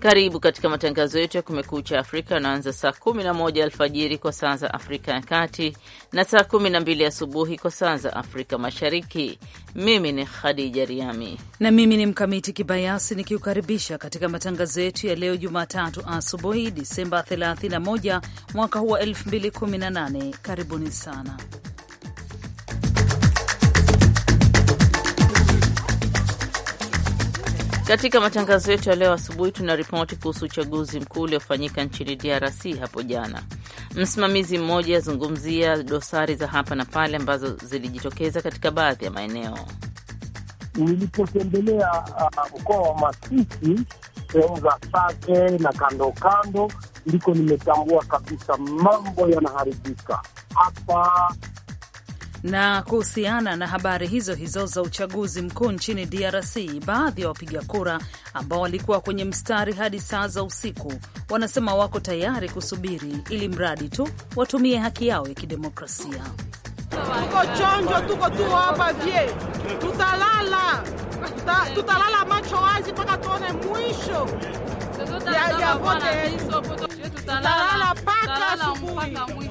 Karibu katika matangazo yetu ya Kumekucha Afrika yanaanza saa 11 alfajiri kwa saa za Afrika ya Kati na saa 12 asubuhi kwa saa za Afrika Mashariki. Mimi ni Khadija Riami na mimi ni Mkamiti Kibayasi nikiukaribisha katika matangazo yetu ya leo Jumatatu asubuhi, Disemba 31 mwaka huu wa 2018. Karibuni sana Katika matangazo yetu ya leo asubuhi, tuna ripoti kuhusu uchaguzi mkuu uliofanyika nchini DRC hapo jana. Msimamizi mmoja azungumzia dosari za hapa na pale ambazo zilijitokeza katika baadhi ya maeneo. Nilipotembelea uh, mkoa wa Masisi, sehemu za Sake na kando kando, ndiko nimetambua kabisa mambo yanaharibika hapa na kuhusiana na habari hizo hizo za uchaguzi mkuu nchini DRC, baadhi ya wapiga kura ambao walikuwa kwenye mstari hadi saa za usiku wanasema wako tayari kusubiri ili mradi tu watumie haki yao ya kidemokrasia. Tuko chonjo, tuko tu hapa tutalala, tuta, tutalala macho wazi mpaka tuone mwisho ya vote, tutalala mpaka asubuhi.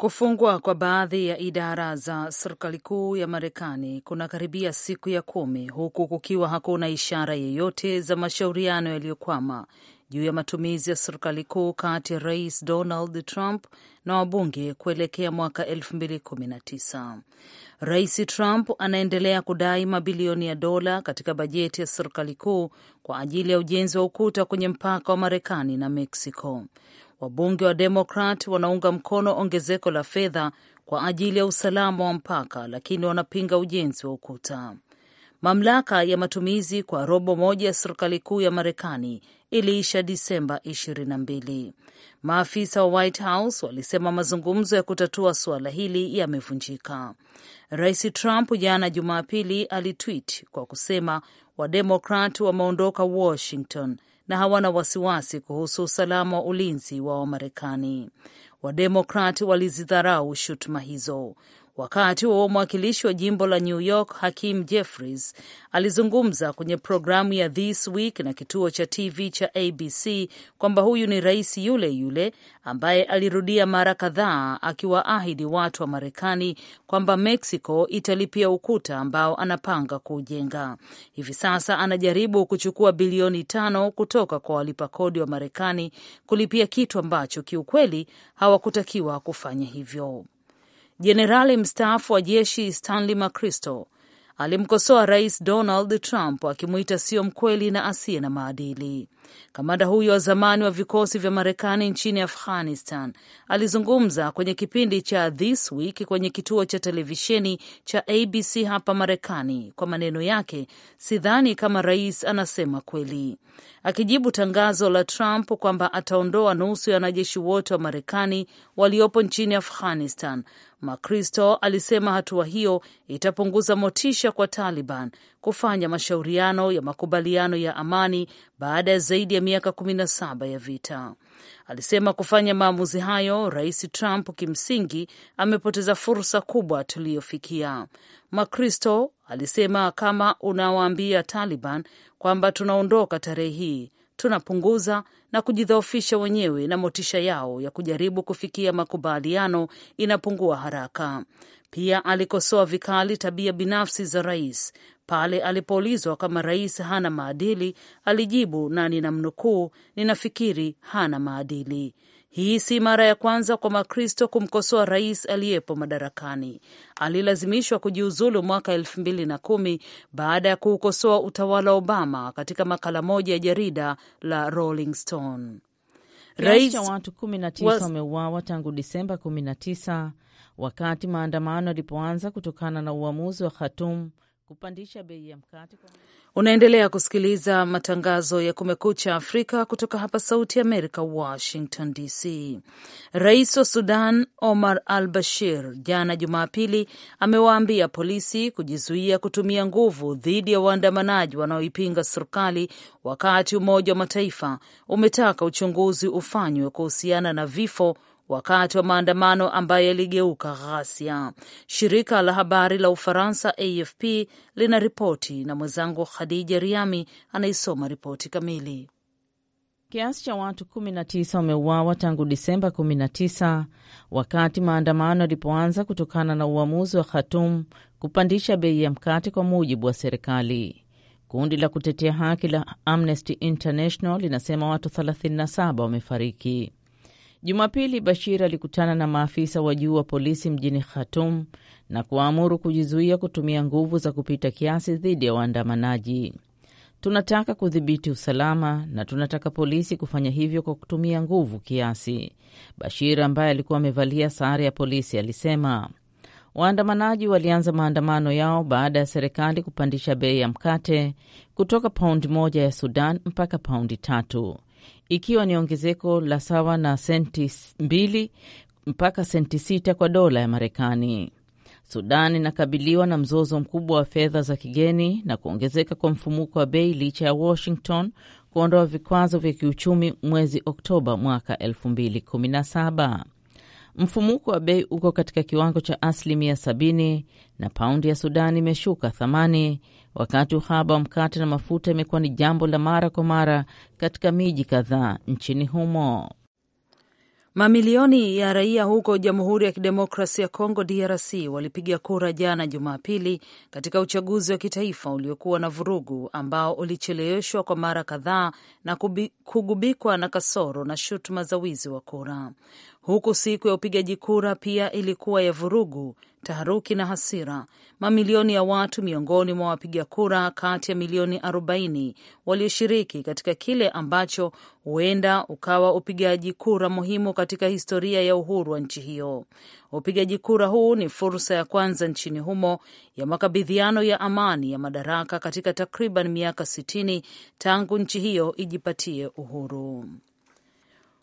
Kufungwa kwa baadhi ya idara za serikali kuu ya Marekani kuna karibia siku ya kumi huku kukiwa hakuna ishara yeyote za mashauriano yaliyokwama juu ya matumizi ya serikali kuu kati ya Rais Donald Trump na wabunge kuelekea mwaka 2019. Rais Trump anaendelea kudai mabilioni ya dola katika bajeti ya serikali kuu kwa ajili ya ujenzi wa ukuta kwenye mpaka wa Marekani na Mexico. Wabunge wa Demokrat wanaunga mkono ongezeko la fedha kwa ajili ya usalama wa mpaka, lakini wanapinga ujenzi wa ukuta. Mamlaka ya matumizi kwa robo moja ya serikali kuu ya Marekani iliisha Disemba 22. Maafisa wa White House walisema mazungumzo ya kutatua suala hili yamevunjika. Rais Trump jana Jumapili alitwit kwa kusema Wademokrat wameondoka Washington na hawana wasiwasi kuhusu usalama wa ulinzi wa Wamarekani. Wademokrat walizidharau shutuma hizo. Wakati huo mwakilishi wa jimbo la New York Hakim Jeffries alizungumza kwenye programu ya This Week na kituo cha TV cha ABC kwamba huyu ni rais yule yule ambaye alirudia mara kadhaa akiwaahidi watu wa Marekani kwamba Mexico italipia ukuta ambao anapanga kuujenga. Hivi sasa anajaribu kuchukua bilioni tano kutoka kwa walipa kodi wa Marekani kulipia kitu ambacho kiukweli hawakutakiwa kufanya hivyo. Jenerali mstaafu wa jeshi Stanley McChrystal alimkosoa Rais Donald Trump akimwita sio mkweli na asiye na maadili. Kamanda huyo wa zamani wa vikosi vya Marekani nchini Afghanistan alizungumza kwenye kipindi cha This Week kwenye kituo cha televisheni cha ABC hapa Marekani. Kwa maneno yake, sidhani kama rais anasema kweli, akijibu tangazo la Trump kwamba ataondoa nusu ya wanajeshi wote wa Marekani waliopo nchini Afghanistan. Makristo alisema hatua hiyo itapunguza motisha kwa Taliban kufanya mashauriano ya makubaliano ya amani baada ya zaidi ya miaka kumi na saba ya vita. Alisema kufanya maamuzi hayo, Rais Trump kimsingi amepoteza fursa kubwa tuliyofikia. Makristo alisema, kama unawaambia Taliban kwamba tunaondoka tarehe hii, tunapunguza na kujidhoofisha wenyewe na motisha yao ya kujaribu kufikia makubaliano inapungua haraka. Pia alikosoa vikali tabia binafsi za rais. Pale alipoulizwa kama rais hana maadili, alijibu na ninamnukuu, ninafikiri hana maadili. Hii si mara ya kwanza kwa Makristo kumkosoa rais aliyepo madarakani. Alilazimishwa kujiuzulu mwaka elfu mbili na kumi baada ya kuukosoa utawala wa Obama katika makala moja ya jarida la Rolling Stone. Rais cha watu 19 wameuawa was... tangu Disemba 19 wakati maandamano yalipoanza kutokana na uamuzi wa Khatum kupandisha bei ya mkate kwa... Unaendelea kusikiliza matangazo ya Kumekucha Afrika kutoka hapa Sauti ya Amerika, Washington DC. Rais wa Sudan Omar al Bashir jana Jumapili amewaambia polisi kujizuia kutumia nguvu dhidi ya waandamanaji wanaoipinga serikali, wakati Umoja wa Mataifa umetaka uchunguzi ufanywe kuhusiana na vifo wakati wa maandamano ambayo yaligeuka ghasia. Shirika la habari la Ufaransa AFP lina ripoti na mwenzangu Khadija Riami anaisoma ripoti kamili. Kiasi cha watu 19 wameuawa tangu Disemba 19 wakati maandamano yalipoanza kutokana na uamuzi wa Khatum kupandisha bei ya mkate kwa mujibu wa serikali. Kundi la kutetea haki la Amnesty International linasema watu 37 wamefariki. Jumapili, Bashir alikutana na maafisa wa juu wa polisi mjini Khartoum na kuwaamuru kujizuia kutumia nguvu za kupita kiasi dhidi ya waandamanaji. Tunataka kudhibiti usalama na tunataka polisi kufanya hivyo kwa kutumia nguvu kiasi, Bashir ambaye alikuwa amevalia sare ya polisi alisema. Waandamanaji walianza maandamano yao baada ya serikali kupandisha bei ya mkate kutoka paundi moja ya Sudan mpaka paundi tatu ikiwa ni ongezeko la sawa na senti mbili mpaka senti sita kwa dola ya Marekani. Sudan inakabiliwa na mzozo mkubwa wa fedha za kigeni na kuongezeka kwa mfumuko wa bei licha ya Washington kuondoa vikwazo vya kiuchumi mwezi Oktoba mwaka 2017. Mfumuko wa bei uko katika kiwango cha asilimia sabini na paundi ya Sudani imeshuka thamani, wakati uhaba wa mkate na mafuta imekuwa ni jambo la mara kwa mara katika miji kadhaa nchini humo. Mamilioni ya raia huko Jamhuri ya Kidemokrasia ya Kongo DRC walipiga kura jana Jumapili katika uchaguzi wa kitaifa uliokuwa na vurugu ambao ulicheleweshwa kwa mara kadhaa na kugubikwa na kasoro na shutuma za wizi wa kura huku siku ya upigaji kura pia ilikuwa ya vurugu, taharuki na hasira. Mamilioni ya watu miongoni mwa wapiga kura kati ya milioni 40 walioshiriki katika kile ambacho huenda ukawa upigaji kura muhimu katika historia ya uhuru wa nchi hiyo. Upigaji kura huu ni fursa ya kwanza nchini humo ya makabidhiano ya amani ya madaraka katika takriban miaka 60 tangu nchi hiyo ijipatie uhuru.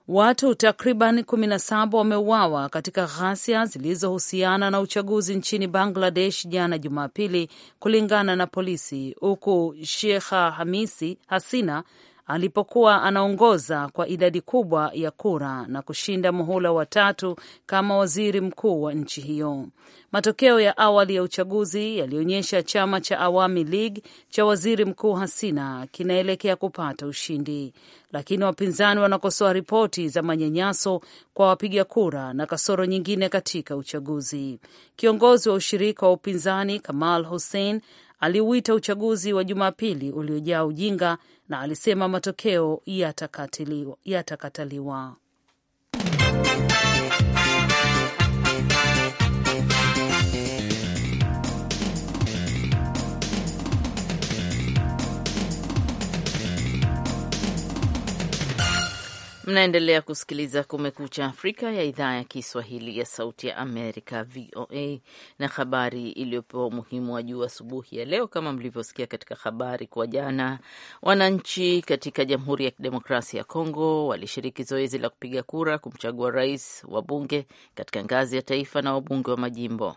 Watu takriban 17 wameuawa katika ghasia zilizohusiana na uchaguzi nchini Bangladesh jana Jumapili, kulingana na polisi, huku shekha Hamisi Hasina alipokuwa anaongoza kwa idadi kubwa ya kura na kushinda muhula wa tatu kama waziri mkuu wa nchi hiyo. Matokeo ya awali ya uchaguzi yalionyesha chama cha Awami League cha waziri mkuu Hasina kinaelekea kupata ushindi, lakini wapinzani wanakosoa ripoti za manyanyaso kwa wapiga kura na kasoro nyingine katika uchaguzi. Kiongozi wa ushirika wa upinzani Kamal Hussein aliuita uchaguzi wa Jumapili uliojaa ujinga na alisema matokeo yatakataliwa. Mnaendelea kusikiliza Kumekucha Afrika ya idhaa ya Kiswahili ya Sauti ya Amerika, VOA. Na habari iliyopewa umuhimu wa juu asubuhi ya leo, kama mlivyosikia katika habari kwa jana, wananchi katika Jamhuri ya Kidemokrasia ya Kongo walishiriki zoezi la kupiga kura kumchagua rais, wabunge katika ngazi ya taifa na wabunge wa majimbo.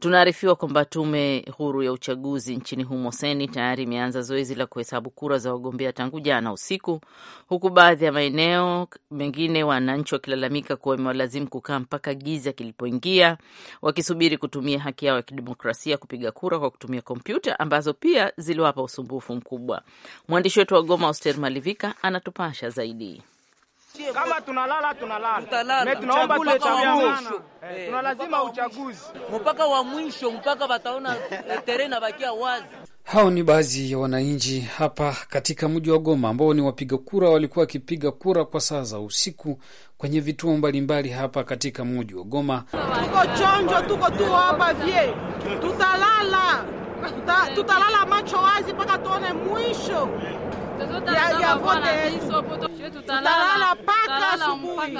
Tunaarifiwa kwamba tume huru ya uchaguzi nchini humo seni tayari imeanza zoezi la kuhesabu kura za wagombea tangu jana usiku, huku baadhi ya maeneo mengine wananchi wakilalamika kuwa imewalazimu kukaa mpaka giza kilipoingia, wakisubiri kutumia haki yao ya kidemokrasia kupiga kura kwa kutumia kompyuta ambazo pia ziliwapa usumbufu mkubwa. Mwandishi wetu wa Goma, Oster Malivika, anatupasha zaidi. Kama tunalala tunalala, tunalala. Tunaomba eh, eh tuna lazima uchaguzi mpaka wa mwisho mpaka wataona eh, terena bakia wazi. Hao ni baadhi ya wananchi hapa katika mji wa Goma ambao ni wapiga kura walikuwa wakipiga kura kwa saa za usiku kwenye vituo mbalimbali hapa katika mji wa Goma. Tuko chonjo, tuko tu hapa vie, tutalala tutalala macho wazi mpaka tuone mwisho ya, vote tutalala mpaka asubuhi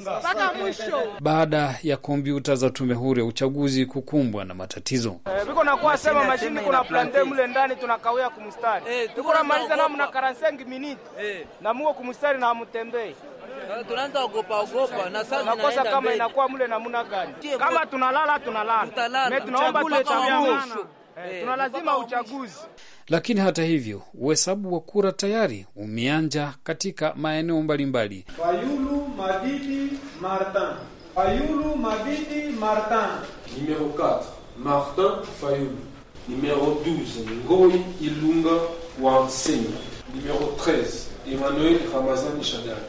mpaka mwisho. Baada ya kompyuta za tume huru ya uchaguzi kukumbwa na matatizo eh, viko nakuwa sema mashini kuna plante mle ndani tunakawia kumstari eh, tuko na maliza na mna karansengi eh, na muo kumstari na hamtembei eh, tunaanza ogopa ogopa na sasa nakosa kama inakuwa mle namuna gani kama tunalala tunalala, tunaomba tutamia Hey, eh, eh, tuna lazima uchaguzi. Lakini hata hivyo uhesabu wa kura tayari umeanja katika maeneo mbalimbali. Fayulu Madidi Martin, Fayulu Madidi Martin, numero 4 Martin Fayulu, numero 12 Ngoi Ilunga Wansenya, numero 13 Emmanuel Shadari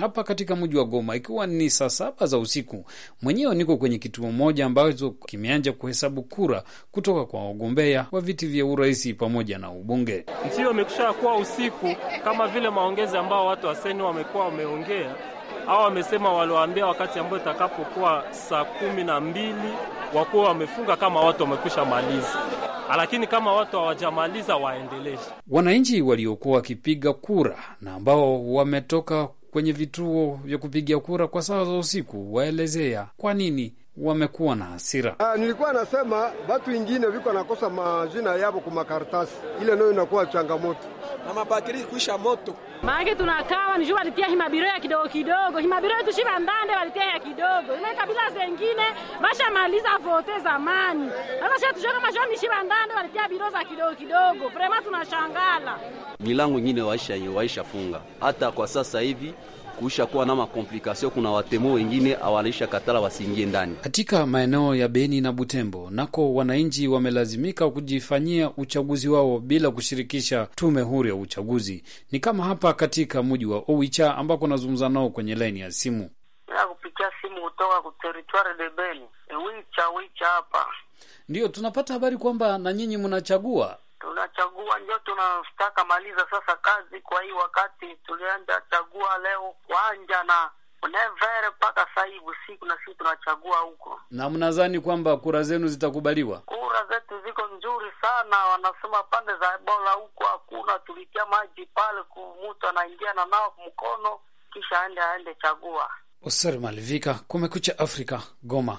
hapa katika mji wa Goma, ikiwa ni saa saba za usiku. Mwenyewe niko kwenye kituo moja ambacho kimeanja kuhesabu kura kutoka kwa wagombea wa viti vya urais pamoja na ubunge. Ndio imekusha kuwa usiku, kama vile maongezi ambao watu waseni wamekuwa wameongea au wamesema waliwaambia, wakati ambao itakapokuwa saa kumi na mbili wakuwa wamefunga kama watu wamekwisha maliza lakini kama watu hawajamaliza waendeleshe. Wananchi waliokuwa wakipiga kura na ambao wametoka kwenye vituo vya kupiga kura kwa saa za usiku, waelezea kwa nini wamekuwa na hasira. Uh, nilikuwa nasema watu wengine viko nakosa majina yavo kumakaratasi, ile nayo inakuwa changamoto na mabakiri kuisha moto maake tunakawa niju walitia himabiro ya kidogo kidogo, himabiro yetu shiva ndande walitia ya kidogo, ile kabila zengine bashamaliza vote zamani. Sasa shatushaka masho ni shiva ndande walitia biro za kidogo kidogo, vrema tunashangala. Milango ingine waisha waisha funga hata kwa sasa hivi kuisha kuwa na makomplikasio. Kuna watemo wengine awanaisha katala wasiingie ndani katika maeneo ya Beni na Butembo. Nako wananchi wamelazimika kujifanyia uchaguzi wao bila kushirikisha tume huru ya uchaguzi. Ni kama hapa katika muji wa Owicha ambako nazungumza nao kwenye laini ya simu ya kupitia simu kutoka kuteritwari de Beni. E, wicha wicha hapa ndiyo tunapata habari kwamba na nyinyi mnachagua tunachagua ndio tunataka maliza sasa kazi. Kwa hii wakati tulienda chagua leo kwanja na nevere mpaka hivi siku na sisi tunachagua huko. Na mnadhani kwamba kura zenu zitakubaliwa? Kura zetu ziko nzuri sana, wanasema pande za Ebola huko hakuna, tulitia maji pale, mtu anaingia na nao mkono kisha aende aende chagua. Oser Malivika, Kumekucha Afrika, Goma.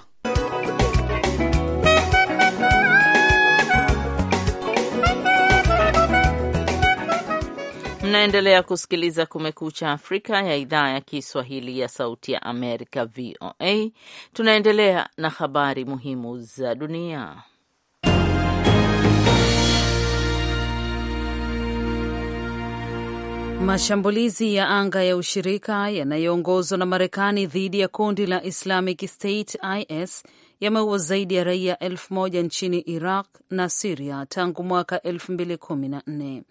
Mnaendelea kusikiliza Kumekucha Afrika ya idhaa ya Kiswahili ya Sauti ya Amerika, VOA. Tunaendelea na habari muhimu za dunia. Mashambulizi ya anga ya ushirika yanayoongozwa na Marekani dhidi ya kundi la Islamic State IS yameua zaidi ya raia elfu moja nchini Iraq na Siria tangu mwaka 2014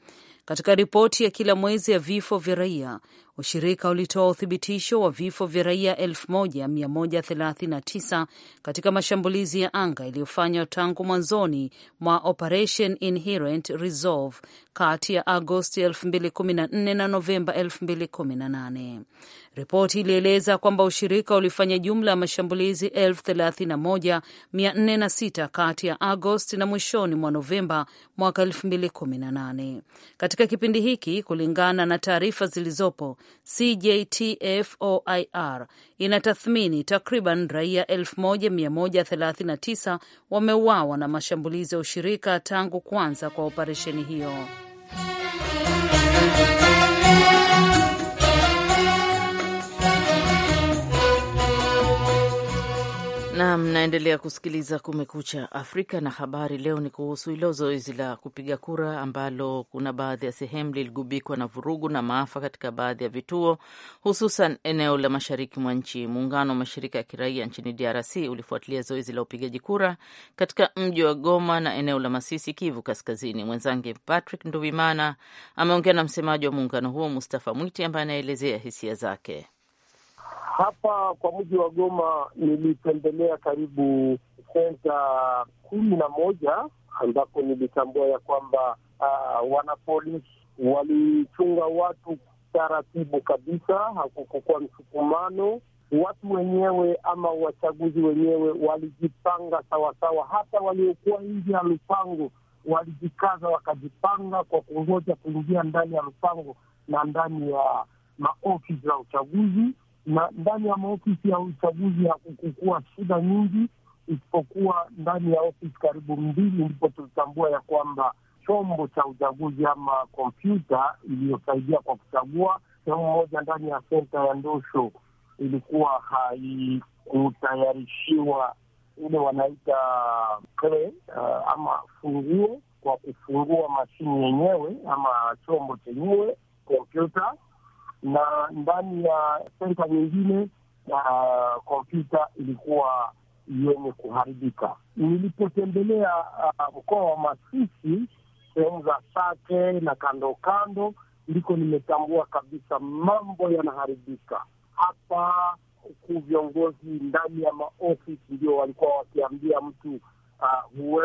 katika ripoti ya kila mwezi ya vifo vya raia. Ushirika ulitoa uthibitisho wa vifo vya raia 1139 katika mashambulizi ya anga yaliyofanywa tangu mwanzoni mwa Operation Inherent Resolve kati ya Agosti 2014 na Novemba 2018. Ripoti ilieleza kwamba ushirika ulifanya jumla ya mashambulizi 31406 kati ya Agosti na mwishoni mwa Novemba mwaka 2018. Katika kipindi hiki, kulingana na taarifa zilizopo cjtfoir inatathmini takriban raia 1139 wameuawa na mashambulizi ya ushirika tangu kuanza kwa operesheni hiyo. na mnaendelea kusikiliza Kumekucha Afrika na habari leo ni kuhusu hilo zoezi la kupiga kura ambalo kuna baadhi ya sehemu liligubikwa na vurugu na maafa katika baadhi ya vituo, hususan eneo la mashariki mwa nchi. Muungano wa mashirika ya kiraia nchini DRC ulifuatilia zoezi la upigaji kura katika mji wa Goma na eneo la Masisi, Kivu Kaskazini. Mwenzange Patrick Nduvimana ameongea na msemaji wa muungano huo Mustafa Mwiti ambaye anaelezea hisia zake. Hapa kwa mji wa Goma nilitembelea karibu senta kumi na moja ambapo nilitambua ya kwamba uh, wanapolisi walichunga watu taratibu kabisa, hakukukuwa msukumano. Watu wenyewe ama wachaguzi wenyewe walijipanga sawasawa, hata waliokuwa nje ya lupango walijikaza wakajipanga kwa kungoja kuingia ndani ya mpango na ndani ya maofisi za uchaguzi na ndani ya maofisi ya uchaguzi hakukukua shida nyingi, isipokuwa ndani ya ofisi karibu mbili ndipo tulitambua ya kwamba chombo cha uchaguzi ama kompyuta iliyosaidia kwa kuchagua sehemu moja ndani ya senta ya Ndosho ilikuwa haikutayarishiwa ile wanaita clay, uh, ama funguo kwa kufungua mashini yenyewe ama chombo chenyewe kompyuta na ndani ya senta nyingine uh, kompyuta ilikuwa yenye kuharibika. Nilipotembelea uh, mkoa wa Masisi, sehemu za Sake na kando kando, ndiko nimetambua kabisa mambo yanaharibika hapa huku viongozi ndani ya maofisi ndio walikuwa wakiambia mtu uh,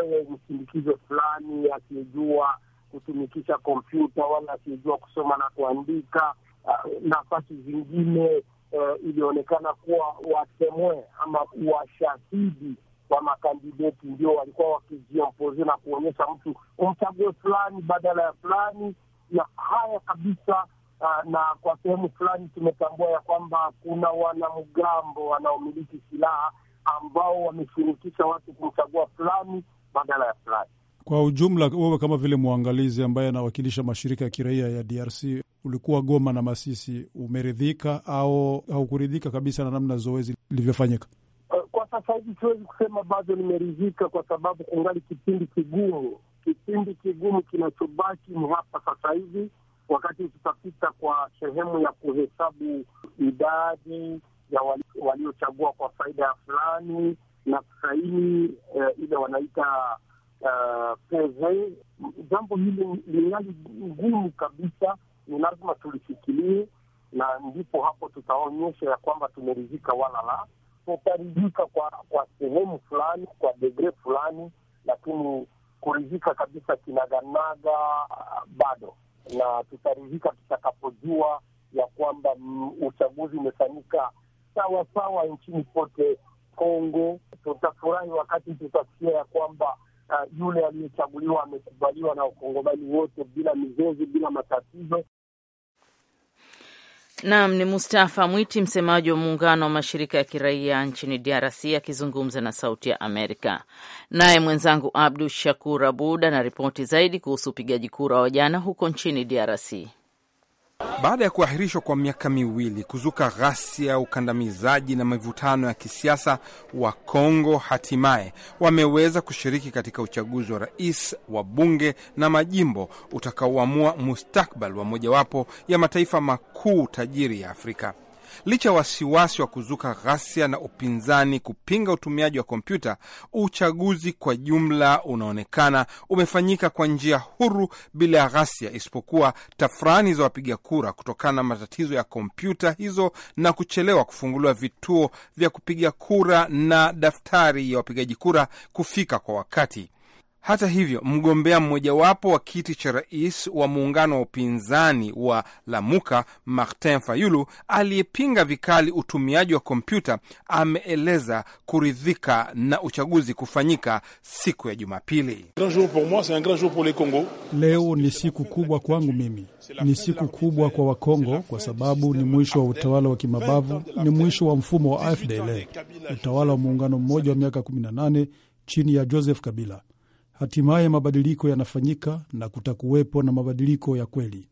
ah, msindikizo fulani asiyejua kutumikisha kompyuta wala asiyejua kusoma na kuandika, Uh, nafasi zingine uh, ilionekana kuwa watemwe ama washahidi wa makandideti ndio walikuwa wakijiompoze na kuonyesha mtu umchague fulani badala ya fulani, na haya kabisa. Uh, na kwa sehemu fulani tumetambua ya kwamba kuna wanamgambo wanaomiliki silaha ambao wameshirikisha watu kumchagua fulani badala ya fulani. Kwa ujumla, wewe kama vile mwangalizi ambaye anawakilisha mashirika ya kiraia ya DRC, ulikuwa Goma na Masisi, umeridhika au haukuridhika kabisa na namna zoezi lilivyofanyika? Kwa sasa hivi siwezi kusema bado nimeridhika, kwa sababu kungali kipindi kigumu, kipindi kigumu kinachobaki ni hapa sasa hivi, wakati tutapita kwa sehemu ya kuhesabu idadi ya waliochagua kwa faida ya fulani na kusaini eh, ile wanaita uh, jambo hili lingali ngumu kabisa, ni lazima tulifikirie, na ndipo hapo tutaonyesha ya kwamba tumeridhika wala la. Tutaridhika kwa kwa sehemu fulani, kwa degre fulani, lakini kuridhika kabisa kinaganaga bado, na tutaridhika tutakapojua ya kwamba uchaguzi umefanyika sawasawa nchini pote Kongo. Tutafurahi wakati tutasikia ya kwamba uh, yule aliyechaguliwa amekubaliwa na wakongomani wote bila mizozi, bila matatizo. Naam, ni Mustafa Mwiti, msemaji wa muungano wa mashirika ya kiraia nchini DRC akizungumza na Sauti ya Amerika. Naye mwenzangu Abdu Shakur Abud ana ripoti zaidi kuhusu upigaji kura wa jana huko nchini DRC. Baada ya kuahirishwa kwa miaka miwili, kuzuka ghasia, ukandamizaji na mivutano ya kisiasa, Wakongo hatimaye wameweza kushiriki katika uchaguzi wa rais, wa bunge na majimbo utakaoamua mustakbal wa mojawapo ya mataifa makuu tajiri ya Afrika. Licha ya wasiwasi wa kuzuka ghasia na upinzani kupinga utumiaji wa kompyuta, uchaguzi kwa jumla unaonekana umefanyika kwa njia huru bila ya ghasia, isipokuwa tafurani za wapiga kura kutokana na matatizo ya kompyuta hizo na kuchelewa kufunguliwa vituo vya kupiga kura na daftari ya wapigaji kura kufika kwa wakati. Hata hivyo, mgombea mmojawapo wa kiti cha rais wa muungano wa upinzani wa Lamuka, Martin Fayulu, aliyepinga vikali utumiaji wa kompyuta, ameeleza kuridhika na uchaguzi kufanyika siku ya Jumapili. Leo ni siku kubwa kwangu mimi, ni siku kubwa kwa Wakongo kwa sababu ni mwisho wa utawala wa kimabavu, ni mwisho wa mfumo wa AFDL, utawala wa muungano mmoja wa miaka 18 chini ya Joseph Kabila hatimaye mabadiliko yanafanyika na kutakuwepo na mabadiliko ya kweli.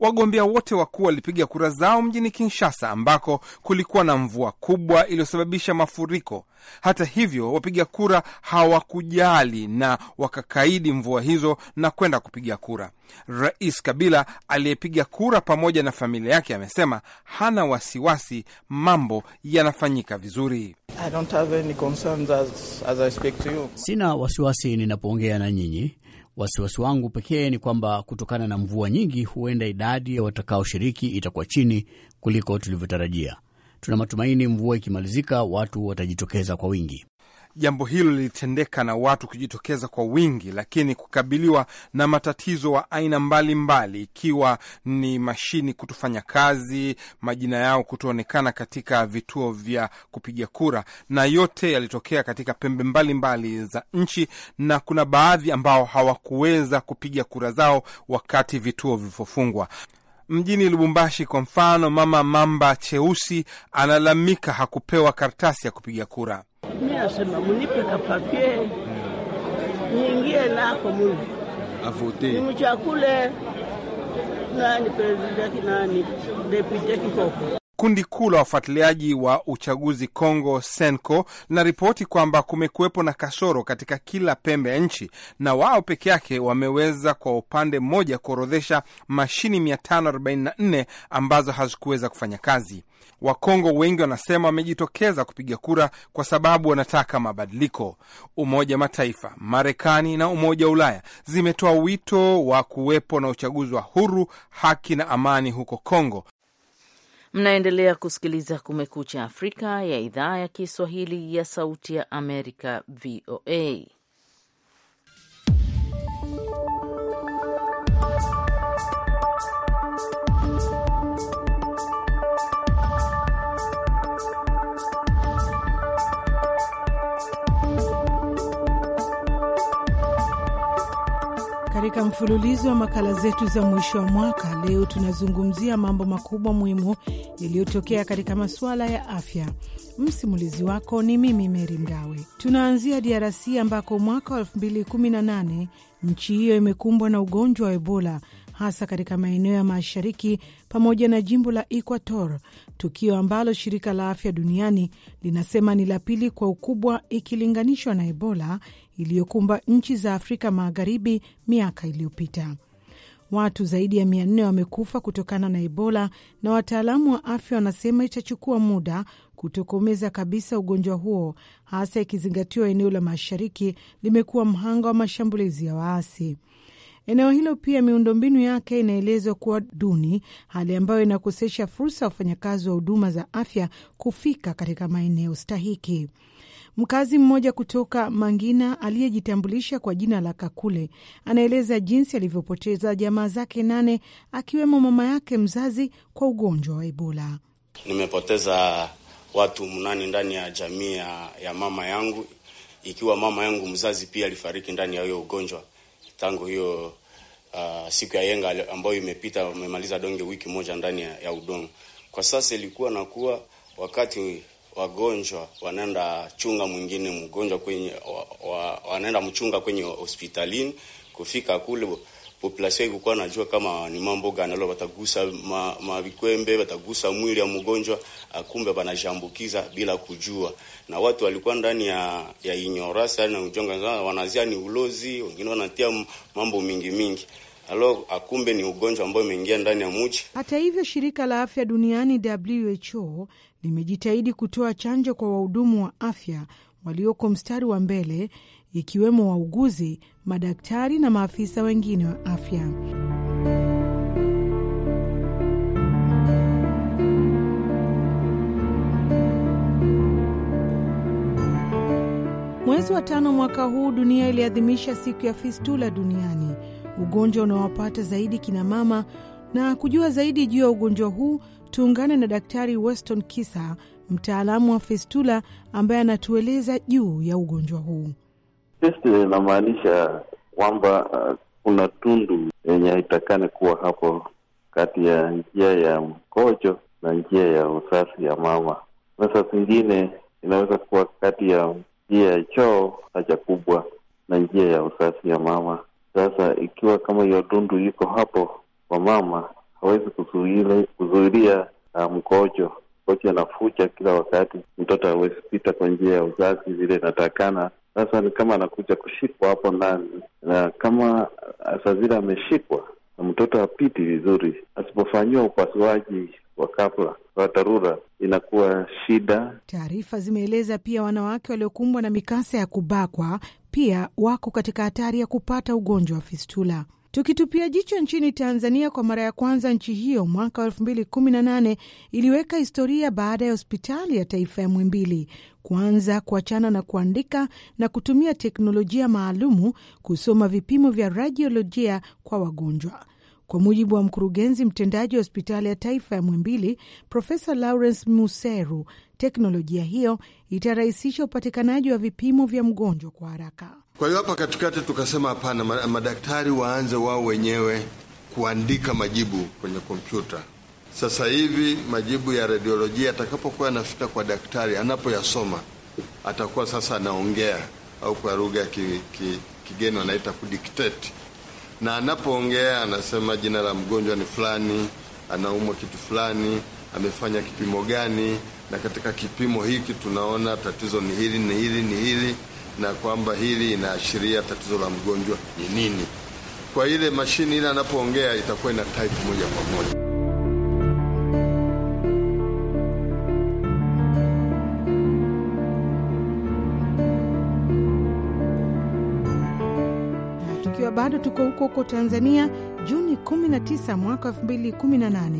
Wagombea wote wakuu walipiga kura zao mjini Kinshasa, ambako kulikuwa na mvua kubwa iliyosababisha mafuriko. Hata hivyo, wapiga kura hawakujali na wakakaidi mvua hizo na kwenda kupiga kura. Rais Kabila aliyepiga kura pamoja na familia yake amesema hana wasiwasi, mambo yanafanyika vizuri. I don't have any concerns as, as I speak to you. Sina wasiwasi ninapoongea na nyinyi Wasiwasi wangu pekee ni kwamba kutokana na mvua nyingi, huenda idadi ya watakaoshiriki itakuwa chini kuliko tulivyotarajia. Tuna matumaini mvua ikimalizika, watu watajitokeza kwa wingi jambo hilo lilitendeka na watu kujitokeza kwa wingi, lakini kukabiliwa na matatizo wa aina mbalimbali, ikiwa ni mashini kutofanya kazi, majina yao kutoonekana katika vituo vya kupiga kura, na yote yalitokea katika pembe mbalimbali mbali za nchi, na kuna baadhi ambao hawakuweza kupiga kura zao wakati vituo vilivyofungwa. Mjini Lubumbashi kwa mfano, mama mamba cheusi analalamika hakupewa karatasi ya kupiga kura. Mi asema munipe kapapie niingie nako muni avote nimchakule nani depute Kikoko. Kundi kuu la wafuatiliaji wa uchaguzi congo Senco linaripoti kwamba kumekuwepo na kasoro katika kila pembe ya nchi, na wao peke yake wameweza kwa upande mmoja kuorodhesha mashini 544 ambazo hazikuweza kufanya kazi. Wakongo wengi wanasema wamejitokeza kupiga kura kwa sababu wanataka mabadiliko. Umoja wa Mataifa, Marekani na Umoja wa Ulaya zimetoa wito wa kuwepo na uchaguzi wa huru, haki na amani huko Kongo. Mnaendelea kusikiliza Kumekucha Afrika ya idhaa ya Kiswahili ya Sauti ya Amerika, VOA. Katika mfululizo wa makala zetu za mwisho wa mwaka, leo tunazungumzia mambo makubwa muhimu yaliyotokea katika masuala ya afya. Msimulizi wako ni mimi Meri Mgawe. Tunaanzia DRC ambako mwaka wa 2018 nchi hiyo imekumbwa na ugonjwa wa Ebola hasa katika maeneo ya mashariki pamoja na jimbo la Equator, tukio ambalo shirika la afya duniani linasema ni la pili kwa ukubwa ikilinganishwa na Ebola iliyokumba nchi za Afrika Magharibi miaka iliyopita. Watu zaidi ya nne wamekufa kutokana na Ebola na wataalamu wa afya wanasema itachukua muda kutokomeza kabisa ugonjwa huo, hasa ikizingatiwa eneo la mashariki limekuwa mhanga wa mashambulizi ya waasi. Eneo hilo pia miundombinu yake inaelezwa kuwa duni, hali ambayo inakosesha fursa ya wafanyakazi wa huduma za afya kufika katika maeneo stahiki. Mkazi mmoja kutoka Mangina aliyejitambulisha kwa jina la Kakule anaeleza jinsi alivyopoteza jamaa zake nane akiwemo mama yake mzazi kwa ugonjwa wa Ebola. Nimepoteza watu mnani ndani ya jamii ya mama yangu, ikiwa mama yangu mzazi pia alifariki ndani ya huyo ugonjwa tangu hiyo uh, siku ya yenga ambayo imepita, umemaliza donge wiki moja ndani ya, ya udongo. Kwa sasa ilikuwa nakuwa wakati wagonjwa wanaenda chunga mwingine mgonjwa kwenye wa, wa, wanaenda mchunga kwenye hospitalini, kufika kule population ikukuwa najua kama ni mambo gani leo watagusa ma, mavikwembe watagusa mwili ya mgonjwa, akumbe ah, wanajambukiza bila kujua, na watu walikuwa ndani ya ya inyorasa na ujonga, wanazia ni ulozi, wengine wanatia mambo mingi mingi alo akumbe ah, ni ugonjwa ambao umeingia ndani ya mji. Hata hivyo, shirika la afya duniani WHO limejitahidi kutoa chanjo kwa wahudumu wa afya walioko mstari wa mbele ikiwemo wauguzi, madaktari na maafisa wengine wa afya. Mwezi wa tano mwaka huu dunia iliadhimisha siku ya fistula duniani, ugonjwa unaowapata zaidi kina mama. Na kujua zaidi juu ya ugonjwa huu, tuungane na Daktari Weston Kisa, mtaalamu wa fistula, ambaye anatueleza juu ya ugonjwa huu. Testi inamaanisha kwamba uh, kuna tundu yenye haitakani kuwa hapo kati ya njia ya mkojo na njia ya usasi ya mama, na saa zingine inaweza kuwa kati ya njia ya choo haja kubwa na njia ya usasi ya mama. Sasa ikiwa kama hiyo tundu iko hapo kwa mama, hawezi kuzuilia uh, mkojo mkojo anafucha kila wakati, mtoto hawezi pita kwa njia ya uzazi vile inatakana. Sasa ni kama anakuja kushikwa hapo ndani, na kama saa zile ameshikwa na mtoto apiti vizuri, asipofanyiwa upasuaji wa kabla wa dharura inakuwa shida. Taarifa zimeeleza pia wanawake waliokumbwa na mikasa ya kubakwa pia wako katika hatari ya kupata ugonjwa wa fistula. Tukitupia jicho nchini Tanzania, kwa mara ya kwanza nchi hiyo mwaka wa elfu mbili kumi na nane iliweka historia baada ya hospitali ya taifa ya Mwimbili kuanza kuachana na kuandika na kutumia teknolojia maalumu kusoma vipimo vya radiolojia kwa wagonjwa. Kwa mujibu wa mkurugenzi mtendaji wa hospitali ya taifa ya Mwimbili, Profesa Lawrence Museru, teknolojia hiyo itarahisisha upatikanaji wa vipimo vya mgonjwa kwa haraka. Kwa hiyo hapa katikati tukasema hapana, madaktari waanze wao wenyewe kuandika majibu kwenye kompyuta sasa hivi majibu ya radiolojia atakapokuwa anafika kwa daktari, anapoyasoma atakuwa sasa anaongea au kwa lugha ya ki, ki, kigeni wanaita kudikteti, na anapoongea anasema jina la mgonjwa ni fulani, anaumwa kitu fulani, amefanya kipimo gani, na katika kipimo hiki tunaona tatizo ni hili ni hili ni hili, na kwamba hili inaashiria tatizo la mgonjwa ni nini. Kwa ile mashini ile anapoongea itakuwa ina type moja kwa moja. bado tuko huko huko Tanzania. Juni 19 mwaka 2018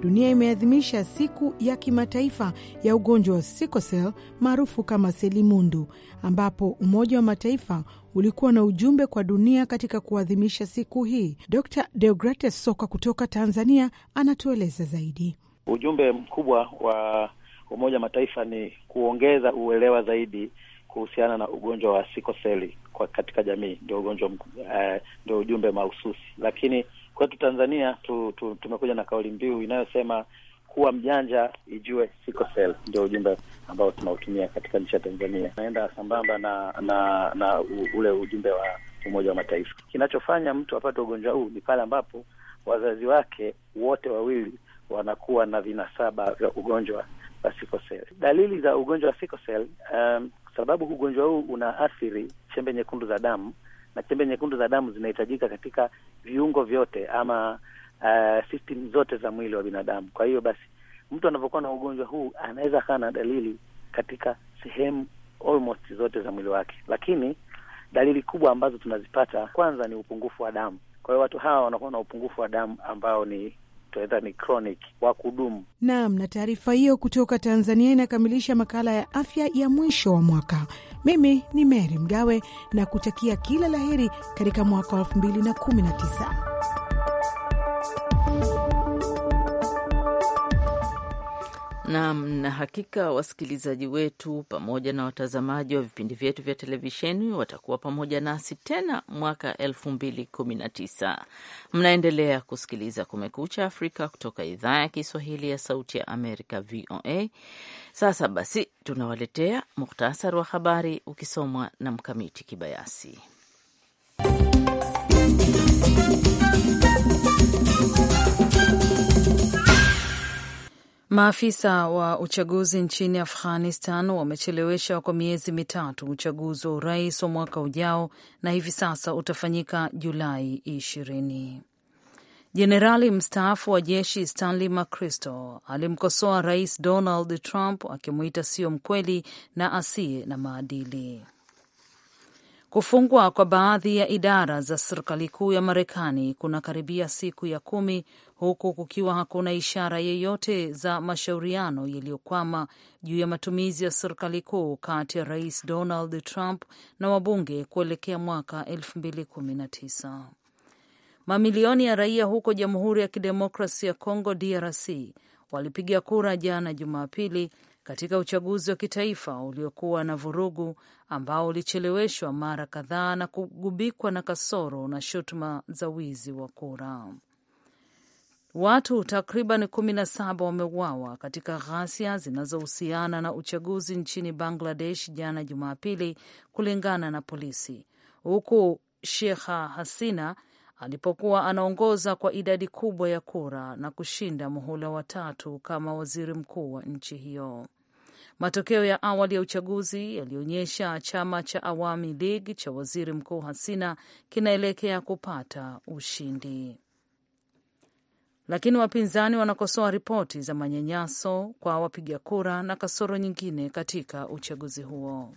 dunia imeadhimisha siku ya kimataifa ya ugonjwa wa sikosel maarufu kama selimundu, ambapo Umoja wa Mataifa ulikuwa na ujumbe kwa dunia katika kuadhimisha siku hii. Dr Deogrates Soka kutoka Tanzania anatueleza zaidi. Ujumbe mkubwa wa Umoja wa Mataifa ni kuongeza uelewa zaidi kuhusiana na ugonjwa wa sikoseli kwa katika jamii, ndio ugonjwa uh, ndio ujumbe mahususi. Lakini kwetu Tanzania tu, tu, tumekuja na kauli mbiu inayosema kuwa mjanja ijue sikosel ndio ujumbe ambao tunautumia katika nchi ya Tanzania, naenda sambamba na na na u, ule ujumbe wa Umoja wa Mataifa. Kinachofanya mtu apate ugonjwa huu ni pale ambapo wazazi wake wote wawili wanakuwa na vinasaba vya ugonjwa wa sikosel Dalili za ugonjwa wa sikosel um, kwa sababu ugonjwa huu unaathiri chembe nyekundu za damu, na chembe nyekundu za damu zinahitajika katika viungo vyote ama uh, system zote za mwili wa binadamu. Kwa hiyo basi mtu anapokuwa na ugonjwa huu anaweza kaa na dalili katika sehemu almost zote za mwili wake, lakini dalili kubwa ambazo tunazipata kwanza ni upungufu wa damu. Kwa hiyo watu hawa wanakuwa na upungufu wa damu ambao ni tunaweza ni chronic wa kudumu. Naam, na taarifa hiyo kutoka Tanzania inakamilisha makala ya afya ya mwisho wa mwaka. Mimi ni Mary Mgawe na kutakia kila laheri katika mwaka wa elfu mbili na kumi na tisa. Naam, na hakika wasikilizaji wetu pamoja na watazamaji wa vipindi vyetu vya televisheni watakuwa pamoja nasi tena mwaka elfu mbili kumi na tisa. Mnaendelea kusikiliza Kumekucha Afrika kutoka idhaa ya Kiswahili ya Sauti ya Amerika, VOA. Sasa basi, tunawaletea muhtasari wa habari ukisomwa na Mkamiti Kibayasi. Maafisa wa uchaguzi nchini Afghanistan wamechelewesha kwa miezi mitatu uchaguzi wa urais wa mwaka ujao na hivi sasa utafanyika Julai ishirini. Jenerali mstaafu wa jeshi Stanley McChrystal alimkosoa Rais Donald Trump akimuita sio mkweli na asiye na maadili. Kufungwa kwa baadhi ya idara za serikali kuu ya Marekani kunakaribia siku ya kumi huku kukiwa hakuna ishara yeyote za mashauriano yaliyokwama juu ya matumizi ya serikali kuu kati ya Rais Donald Trump na wabunge kuelekea mwaka 2019. Mamilioni ya raia huko Jamhuri ya Kidemokrasi ya congo DRC walipiga kura jana Jumapili katika uchaguzi wa kitaifa uliokuwa na vurugu ambao ulicheleweshwa mara kadhaa na kugubikwa na kasoro na shutuma za wizi wa kura. Watu takriban kumi na saba wameuawa katika ghasia zinazohusiana na uchaguzi nchini Bangladesh jana Jumapili, kulingana na polisi, huku Shekha Hasina alipokuwa anaongoza kwa idadi kubwa ya kura na kushinda muhula watatu kama waziri mkuu wa nchi hiyo. Matokeo ya awali ya uchaguzi yalionyesha chama cha Awami League cha waziri mkuu Hasina kinaelekea kupata ushindi, lakini wapinzani wanakosoa ripoti za manyanyaso kwa wapiga kura na kasoro nyingine katika uchaguzi huo.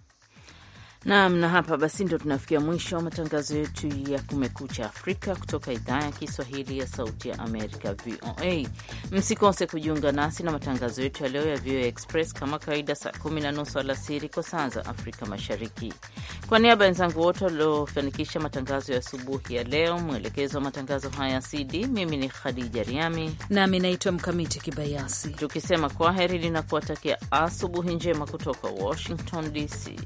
Naam, na hapa basi ndo tunafikia mwisho wa matangazo yetu ya Kumekucha Afrika kutoka idhaa ya Kiswahili ya Sauti ya Amerika, VOA. Msikose kujiunga nasi na matangazo yetu ya leo ya VOA Express kama kawaida, saa kumi na nusu alasiri kwa saa za Afrika Mashariki. Kwa niaba ya wenzangu wote waliofanikisha matangazo ya asubuhi ya leo, mwelekezo wa matangazo haya CD, mimi ni Khadija Riami nami naitwa Mkamiti Kibayasi, tukisema heri linakuwatakia asubuhi njema kutoka Washington DC.